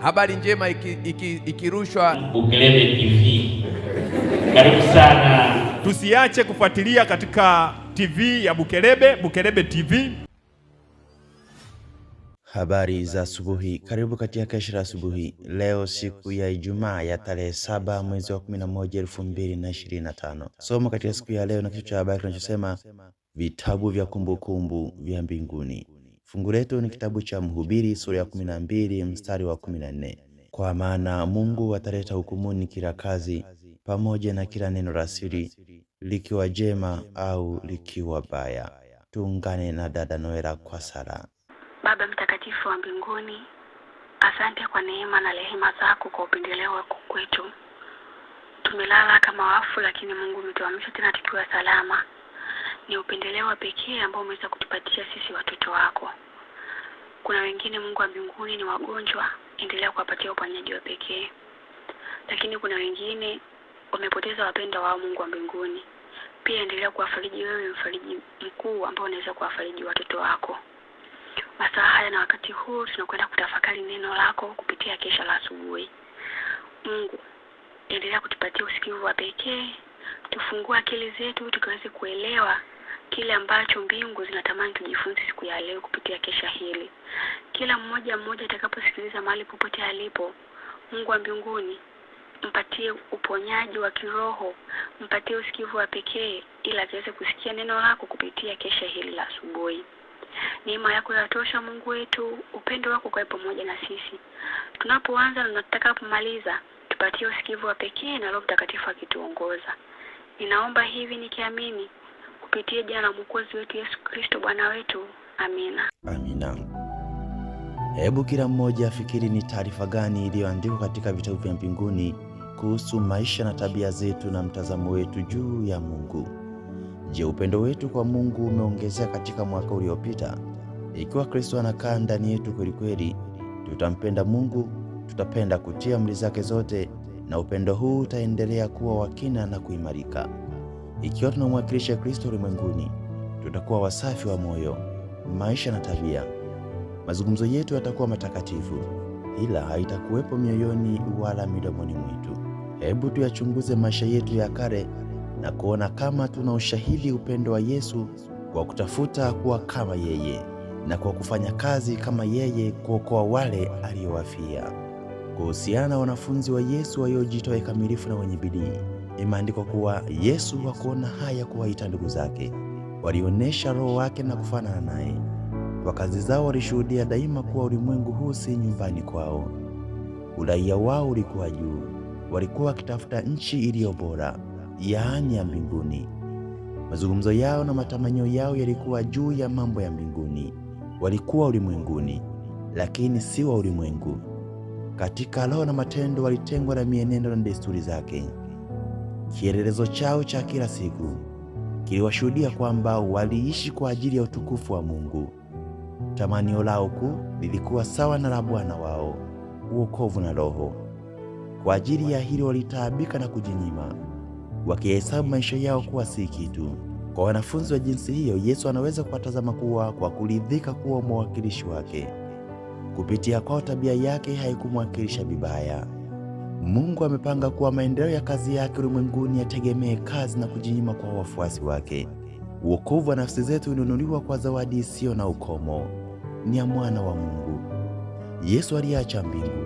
Habari njema ikirushwa iki, iki Bukelebe TV. Karibu sana, tusiache kufuatilia katika TV ya Bukelebe, Bukelebe TV. Habari za asubuhi, karibu katika kesha la asubuhi leo, siku ya Ijumaa ya tarehe saba mwezi wa kumi na moja elfu mbili na ishirini na tano. Somo katika siku ya leo na kichwa cha habari kinachosema vitabu vya kumbukumbu vya mbinguni. Fungu letu ni kitabu cha Mhubiri sura ya 12 mstari wa 14, kwa maana Mungu ataleta hukumuni kila kazi pamoja na kila neno la siri, likiwa jema au likiwa baya. Tuungane na dada Noela kwa sala. Baba mtakatifu wa mbinguni, asante kwa neema na rehema zako, kwa upendeleo wako kwetu. Tumelala kama wafu, lakini Mungu umetuamsha tena tukiwa salama wema pekee ambao umeweza kutupatia sisi watoto wako. Kuna wengine, Mungu wa mbinguni, ni wagonjwa, endelea kuwapatia uponyaji wa pekee, lakini kuna wengine wamepoteza wapendwa wao, Mungu wa mbinguni, pia endelea kuwafariji wewe, mfariji mkuu, ambao unaweza kuwafariji watoto wako masaa haya na wakati huu tunakwenda kutafakari neno lako kupitia kesha la asubuhi. Mungu, endelea kutupatia usikivu wa pekee, tufungue akili zetu tukaweze kuelewa kile ambacho mbingu zinatamani tujifunze siku ya leo kupitia kesha hili. Kila mmoja mmoja atakaposikiliza mahali popote alipo, Mungu wa mbinguni mpatie uponyaji wa kiroho, mpatie usikivu wa pekee, ili akiweze kusikia neno lako kupitia kesha hili la asubuhi. Neema yako yatosha, Mungu wetu, upendo wako ukawe pamoja na sisi tunapoanza na tutakapomaliza. Tupatie usikivu wa pekee na Roho Mtakatifu akituongoza. Ninaomba hivi nikiamini kupitia jina la mwokozi wetu Yesu Kristo Bwana wetu, amina. Amina. Hebu kila mmoja afikiri ni taarifa gani iliyoandikwa katika vitabu vya mbinguni kuhusu maisha na tabia zetu na mtazamo wetu juu ya Mungu. Je, upendo wetu kwa Mungu umeongezeka katika mwaka uliopita? Ikiwa Kristo anakaa ndani yetu kweli kweli, tutampenda Mungu, tutapenda kutia amri zake zote, na upendo huu utaendelea kuwa wa kina na kuimarika. Ikiwa tunamwakilisha Kristo ulimwenguni, tutakuwa wasafi wa moyo, maisha na tabia. Mazungumzo yetu yatakuwa matakatifu, ila haitakuwepo mioyoni wala midomoni mwetu. Hebu tuyachunguze maisha yetu ya kale na kuona kama tuna ushahidi upendo wa Yesu kwa kutafuta kuwa kama yeye na kwa kufanya kazi kama yeye kuokoa wale aliyowafia. Kuhusiana na wanafunzi wa Yesu waliojitoa kikamilifu na wenye bidii imeandikwa kuwa Yesu hakuona haya kuwaita ndugu zake, walionyesha Roho wake na kufanana naye. Kwa kazi zao walishuhudia daima kuwa ulimwengu huu si nyumbani kwao. Uraia wao ulikuwa juu, walikuwa wakitafuta nchi iliyo bora, yaani ya mbinguni. Mazungumzo yao na matamanio yao yalikuwa juu ya mambo ya mbinguni. Walikuwa ulimwenguni, lakini si wa ulimwengu. Katika roho na matendo walitengwa na mienendo na desturi zake. Kielelezo chao cha kila siku kiliwashuhudia kwamba waliishi kwa ajili ya utukufu wa Mungu. Tamanio lao kuu lilikuwa sawa na la Bwana wao, uokovu na roho. Kwa ajili ya hilo walitaabika na kujinyima, wakihesabu maisha yao kuwa si kitu. Kwa wanafunzi wa jinsi hiyo, Yesu anaweza kuwatazama kuwa kwa kuridhika kuwa mwakilishi wake. Kupitia kwao, tabia yake haikumwakilisha vibaya. Mungu amepanga kuwa maendeleo ya kazi yake ulimwenguni yategemee kazi na kujinyima kwa wafuasi wake. Wokovu wa nafsi zetu ulinunuliwa kwa zawadi isiyo na ukomo, ni ya mwana wa Mungu. Yesu aliacha mbingu,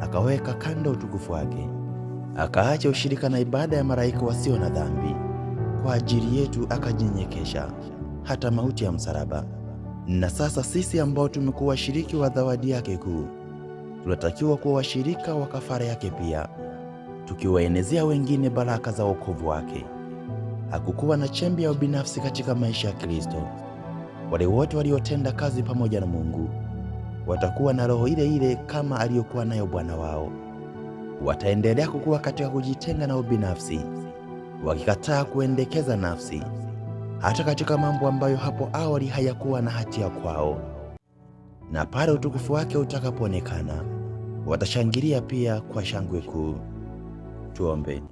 akaweka kando utukufu wake, akaacha ushirika na ibada ya malaika wasio na dhambi kwa ajili yetu, akajinyekesha hata mauti ya msalaba. Na sasa sisi ambao tumekuwa washiriki wa zawadi yake kuu tunatakiwa kuwa washirika wa kafara yake pia, tukiwaenezea wengine baraka za wokovu wake. Hakukuwa na chembe ya ubinafsi katika maisha ya Kristo. Wale wote waliotenda kazi pamoja na Mungu watakuwa na roho ile ile kama aliyokuwa nayo Bwana wao. Wataendelea kukua katika kujitenga na ubinafsi, wakikataa kuendekeza nafsi, hata katika mambo ambayo hapo awali hayakuwa na hatia kwao, na pale utukufu wake utakapoonekana watashangilia pia kwa shangwe kuu. tuombe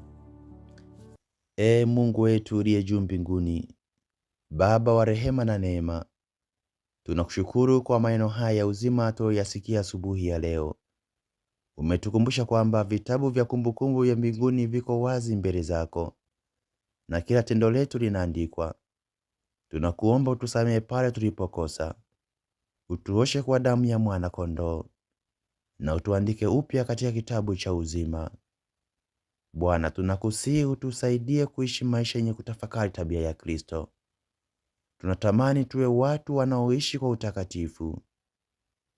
E Mungu wetu uliye juu mbinguni, Baba wa rehema na neema, tunakushukuru kwa maneno haya ya uzima tuliyasikia asubuhi ya leo. Umetukumbusha kwamba vitabu vya kumbukumbu ya mbinguni viko wazi mbele zako na kila tendo letu linaandikwa. Tunakuomba utusamehe pale tulipokosa, utuoshe kwa damu ya mwana kondoo na utuandike upya katika kitabu cha uzima. Bwana, tunakusihi utusaidie kuishi maisha yenye kutafakari tabia ya Kristo. Tunatamani tuwe watu wanaoishi kwa utakatifu,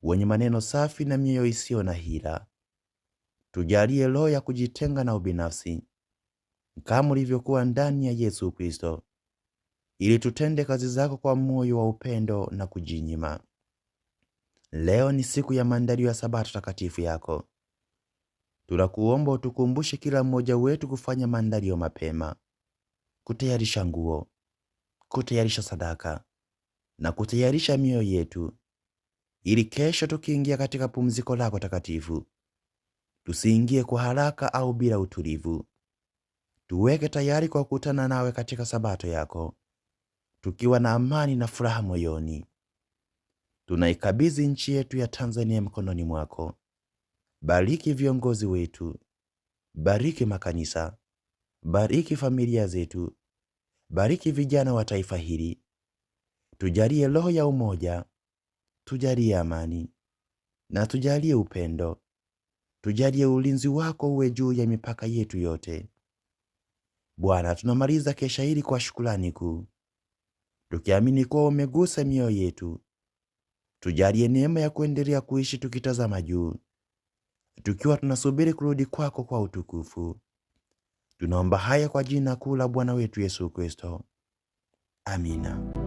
wenye maneno safi na mioyo isiyo na hila. Tujalie roho ya kujitenga na ubinafsi kama ulivyokuwa ndani ya Yesu Kristo, ili tutende kazi zako kwa moyo wa upendo na kujinyima. Leo ni siku ya maandalio ya Sabato takatifu yako. Tunakuomba utukumbushe kila mmoja wetu kufanya maandalio mapema, kutayarisha nguo, kutayarisha sadaka na kutayarisha mioyo yetu, ili kesho tukiingia katika pumziko lako takatifu tusiingie kwa haraka au bila utulivu. Tuweke tayari kwa kukutana nawe katika Sabato yako, tukiwa na amani na furaha moyoni. Tunaikabidhi nchi yetu ya Tanzania mkononi mwako. Bariki viongozi wetu, bariki makanisa, bariki familia zetu, bariki vijana wa taifa hili. Tujalie roho ya umoja, tujalie amani na tujalie upendo. Tujalie ulinzi wako uwe juu ya mipaka yetu yote. Bwana, tunamaliza kesha hili kwa shukrani kuu, tukiamini kuwa umegusa mioyo yetu Tujalie neema ya kuendelea kuishi tukitazama juu, tukiwa tunasubiri kurudi kwako kwa utukufu. Tunaomba haya kwa jina kuu la Bwana wetu Yesu Kristo. Amina.